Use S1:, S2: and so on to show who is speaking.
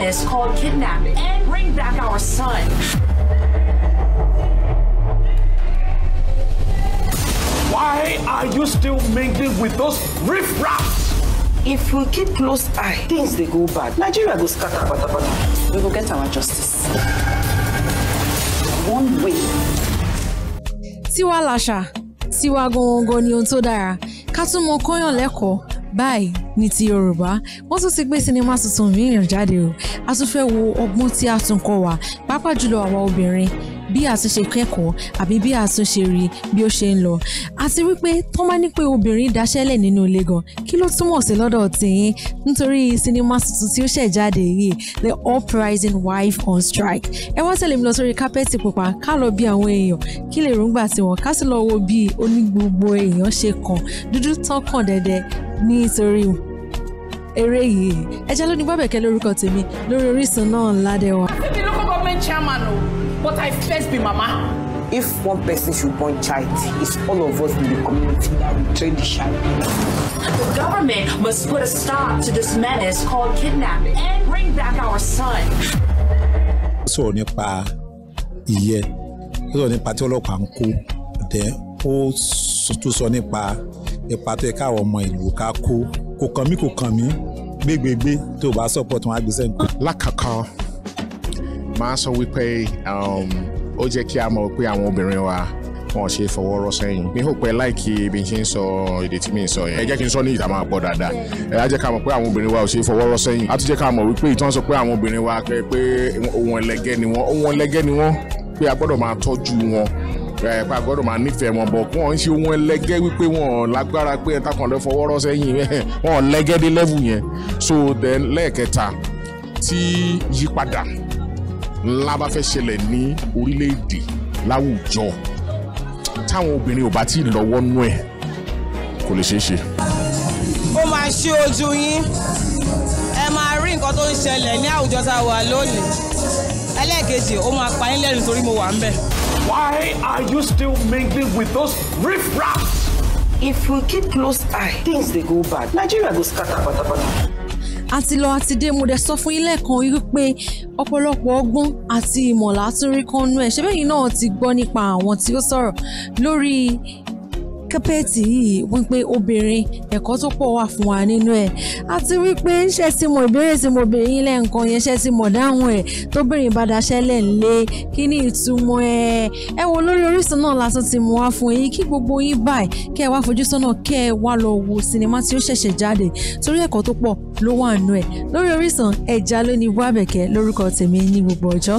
S1: menace called kidnapping and bring back our son. Why are you still mingling with those riffraffs? If we keep close eye, things they go bad. Nigeria go scatter patapata. We will get our justice. One way. Tiwa Lasha, Tiwa Gongo ni ohun tó dára, ká tún mọ báyìí ní ti yorùbá wọ́n tún ti gbé sinimá tuntun mìíràn jáde o a tún fẹ́ wo ọgbọ́n tí a tún kọ́ wa pàápàá jùlọ àwa obìnrin bí a tún ṣe kẹ́kọ̀ọ́ àbí bí a tún ṣe rí bí ó ṣe ń lọ àti wípé tó máa ní pé obìnrin daṣẹ́lẹ̀ nínú ilé gan kí ló túmọ̀ sí lọ́dọ̀ tìyín nítorí sinimá tuntun tí ó ṣẹ̀ jáde yìí the uprising wife on strike ẹ wá tẹ̀lé mi lọ sórí kápẹ́ẹ̀tì pupa ká lọ bí àwọn èèyàn kí lè rúngbà tiwọn ká sì lọ wo bí onígbogbo èèyàn ṣe kàn dúdú tán kàn dẹ́dẹ́ nítorí eré yìí ẹjẹ ló ní Gbádébùkẹ́ lórúkọ tèmi lórí Orísun náà ládẹ́wà. be local government chairman o but I first be mama. If one person should born child, it's all of us in the community that will train the child. The government must put a stop to this menace called kidnapping and bring back our son.
S2: sọ̀rọ̀ nípa ìyẹ́ sọ̀rọ̀ nípa tí ọlọ́pàá ń kó dẹ̀ ó tún sọ nípa ipa tó yẹ káwọn ọmọ ìlú ká kó kò kàn mí kò kàn mí gbégbégbé tó o bá support wọn á gbé sẹ́yìn. lákàkọ́ máa sọ wípé um, ó jẹ́ kí a mọ̀ pé àwọn obìnrin wa wọn ṣe fọwọ́ rọ́ sẹ́yìn mi ò pẹ́ láìkí ibi ṣe ń sọ èdè tí mi ń sọ yẹn ẹ jẹ́ kí n sọ ní ìta máa pọ̀ dáadáa ẹ á jẹ́ ká mọ̀ pé àwọn obìnrin wa ò ṣe fọwọ́ rọ́ sẹ́yìn á tún jẹ́ ká mọ̀ wípé ìtàn sọ pé àwọn obìnrin wa pé ohun ẹlẹgẹ́ ni wọ́n ohun ẹlẹgẹ́ ni wọ́n pé a gbọ́dọ̀ máa tọ́jú wọn ẹ pa gbọ́dọ̀ máa nífẹ̀ẹ́ wọn bọ̀ wọn ṣe ohun ẹlẹ́gẹ́ wípé wọn lágbára pé ẹ̀ta kan lè fọwọ́rọ́ sẹ́yìn wọn lẹ́gẹ́ dé lẹ́vù yẹn so then lẹ́ẹ̀kẹta tí yípadà ńlá bá fẹ́ ṣẹlẹ̀ ní orílẹ̀ láwùjọ táwọn obìnrin ò bá tí ì nú ẹ̀ kò lè ṣeé ṣe.
S1: ó máa ṣí ojú yín ẹ máa rí nǹkan tó ń ṣẹlẹ̀ ní àwùjọ tá a wà lónìí ẹlẹ́ẹ̀kejì ó máa pa yín lẹ́nu torí mo wà ń bẹ̀. Why are you still mingling with those riffraffs? If we keep close eye, things dey go bad. Nigeria go scatter patapata. àti lọ àti dé mo dẹ̀ sọ fún ilé kan wípé ọ̀pọ̀lọpọ̀ ọgbọ́n àti ìmọ̀lá tó rí kan nú ẹ̀ ṣé bẹ́yìn náà ti gbọ́ nípa àwọn tí ó sọ̀rọ̀ lórí kápẹ́ẹ̀tì yìí wípé obìnrin ẹ̀kọ́ tó pọ̀ wà fún wa nínú ẹ̀ àti wípé ṣe ti mọ ìbéèrè tí mo béèrè yín lẹ́ǹkan yẹn ṣe ti mọ̀ dáhùn ẹ̀ tóbìnrin bá daṣẹ́ lẹ̀ lé kí ni ìtumọ̀ ẹ̀ ẹ wo lórí Orísun náà lásán ti mú wá fún yín kí gbogbo yín báyìí kẹ́ wá fojú sọ́nà kẹ́ wá lọ wo sinimá tí ó ṣẹ̀ṣẹ̀ jáde torí ẹ̀kọ́ tó pọ̀ ló wà nù ẹ̀ lórí Orísun ẹja ló ní wábẹ̀kẹ́ lórúkọ tèmi ní gbogbo ọjọ́.